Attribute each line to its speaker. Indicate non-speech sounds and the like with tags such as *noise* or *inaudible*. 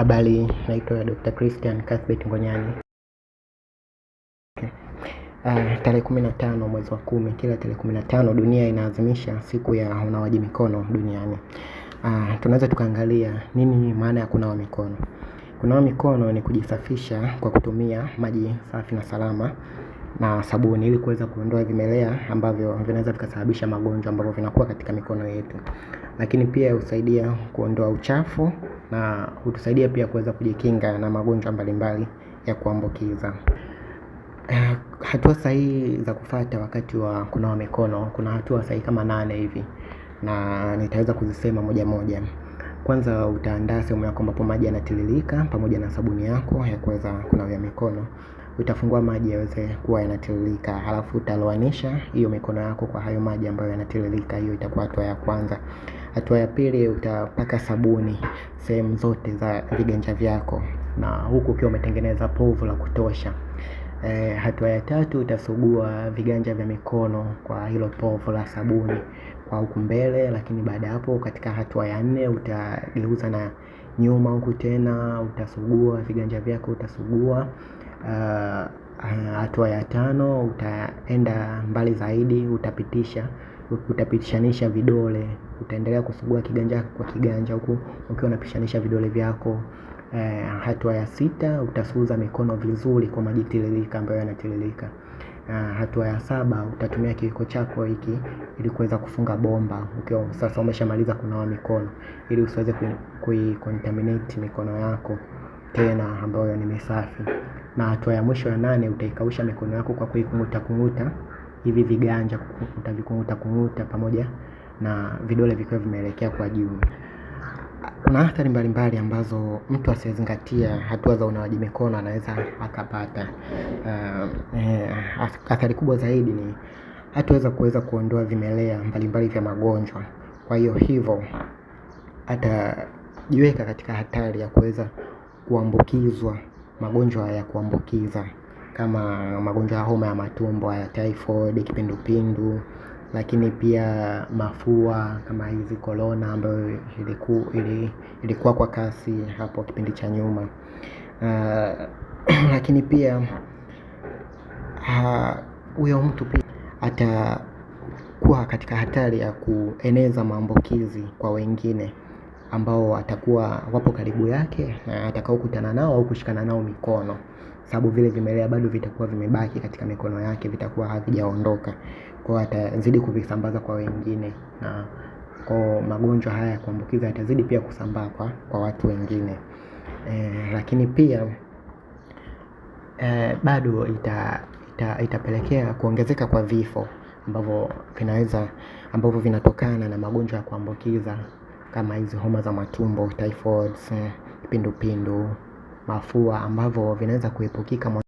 Speaker 1: Habari, naitwa Dr. Christian Cuthbert Ngonyani. Uh, tarehe kumi na tano mwezi wa kumi, kila tarehe kumi na tano dunia inaadhimisha siku ya unawaji mikono duniani. Uh, tunaweza tukaangalia nini maana ya kunawa mikono. Kunawa mikono ni kujisafisha kwa kutumia maji safi na salama na sabuni ili kuweza kuondoa vimelea ambavyo vinaweza vikasababisha magonjwa ambavyo vinakuwa katika mikono yetu, lakini pia husaidia kuondoa uchafu na hutusaidia pia kuweza kujikinga na magonjwa mbalimbali ya kuambukiza. Hatua sahihi za kufata wakati wa kunawa mikono, kuna hatua sahihi kama nane hivi na nitaweza kuzisema moja moja. Kwanza utaandaa sehemu yako ambapo maji yanatiririka pamoja na sabuni yako ya kuweza kunawia mikono. Utafungua maji yaweze kuwa yanatiririka, halafu utalowanisha hiyo mikono yako kwa hayo maji ambayo yanatiririka. Hiyo itakuwa hatua ya kwanza. Hatua ya pili utapaka sabuni sehemu zote za viganja vyako na huku ukiwa umetengeneza povu la kutosha. Eh, hatua ya tatu utasugua viganja vya mikono kwa hilo povu la sabuni kwa huku mbele lakini baada ya hapo katika hatua ya nne utageuza na nyuma huku tena utasugua viganja vyako utasugua. Eh, hatua ya tano utaenda mbali zaidi utapitisha utapishanisha vidole, utaendelea kusugua kiganja kwa kiganja huku ukiwa unapishanisha vidole vyako. E, hatua ya sita utasuuza mikono vizuri kwa maji tiririka ambayo yanatiririka. E, hatua ya saba utatumia kijiko chako hiki ili kuweza kufunga bomba ukiwa sasa umeshamaliza kunawa mikono ili usiweze kuicontaminate mikono yako tena ambayo ni misafi. Na hatua ya mwisho ya nane utaikausha mikono yako kwa kuikung'uta kung'uta hivi viganja utavikung'uta kung'uta pamoja na vidole vikiwa vimeelekea kwa juu. Kuna athari mbalimbali ambazo mtu asiyezingatia hatua za unawaji mikono anaweza akapata. Uh, eh, athari kubwa zaidi ni hatuweza kuweza kuondoa vimelea mbalimbali vya magonjwa, kwa hiyo hivyo atajiweka katika hatari ya kuweza kuambukizwa magonjwa ya kuambukiza kama magonjwa ya homa ya matumbo ya typhoid, kipindupindu, lakini pia mafua kama hizi corona ambayo iliku, ili, ilikuwa kwa kasi hapo kipindi cha nyuma uh, *clears throat* lakini pia ah, huyo uh, mtu pia atakuwa katika hatari ya kueneza maambukizi kwa wengine ambao atakuwa wapo karibu yake na atakaokutana nao au kushikana nao mikono, sababu vile vimelea bado vitakuwa vimebaki katika mikono yake, vitakuwa havijaondoka, kwa atazidi kuvisambaza kwa wengine, na kwa magonjwa haya ya kuambukiza yatazidi pia kusambaa kwa, kwa watu wengine e, lakini pia e, bado ita, ita, itapelekea kuongezeka kwa vifo ambavyo vinaweza ambavyo vinatokana na magonjwa ya kuambukiza kama hizi homa za matumbo, typhoid, eh, kipindupindu, mafua ambavyo vinaweza kuepukika.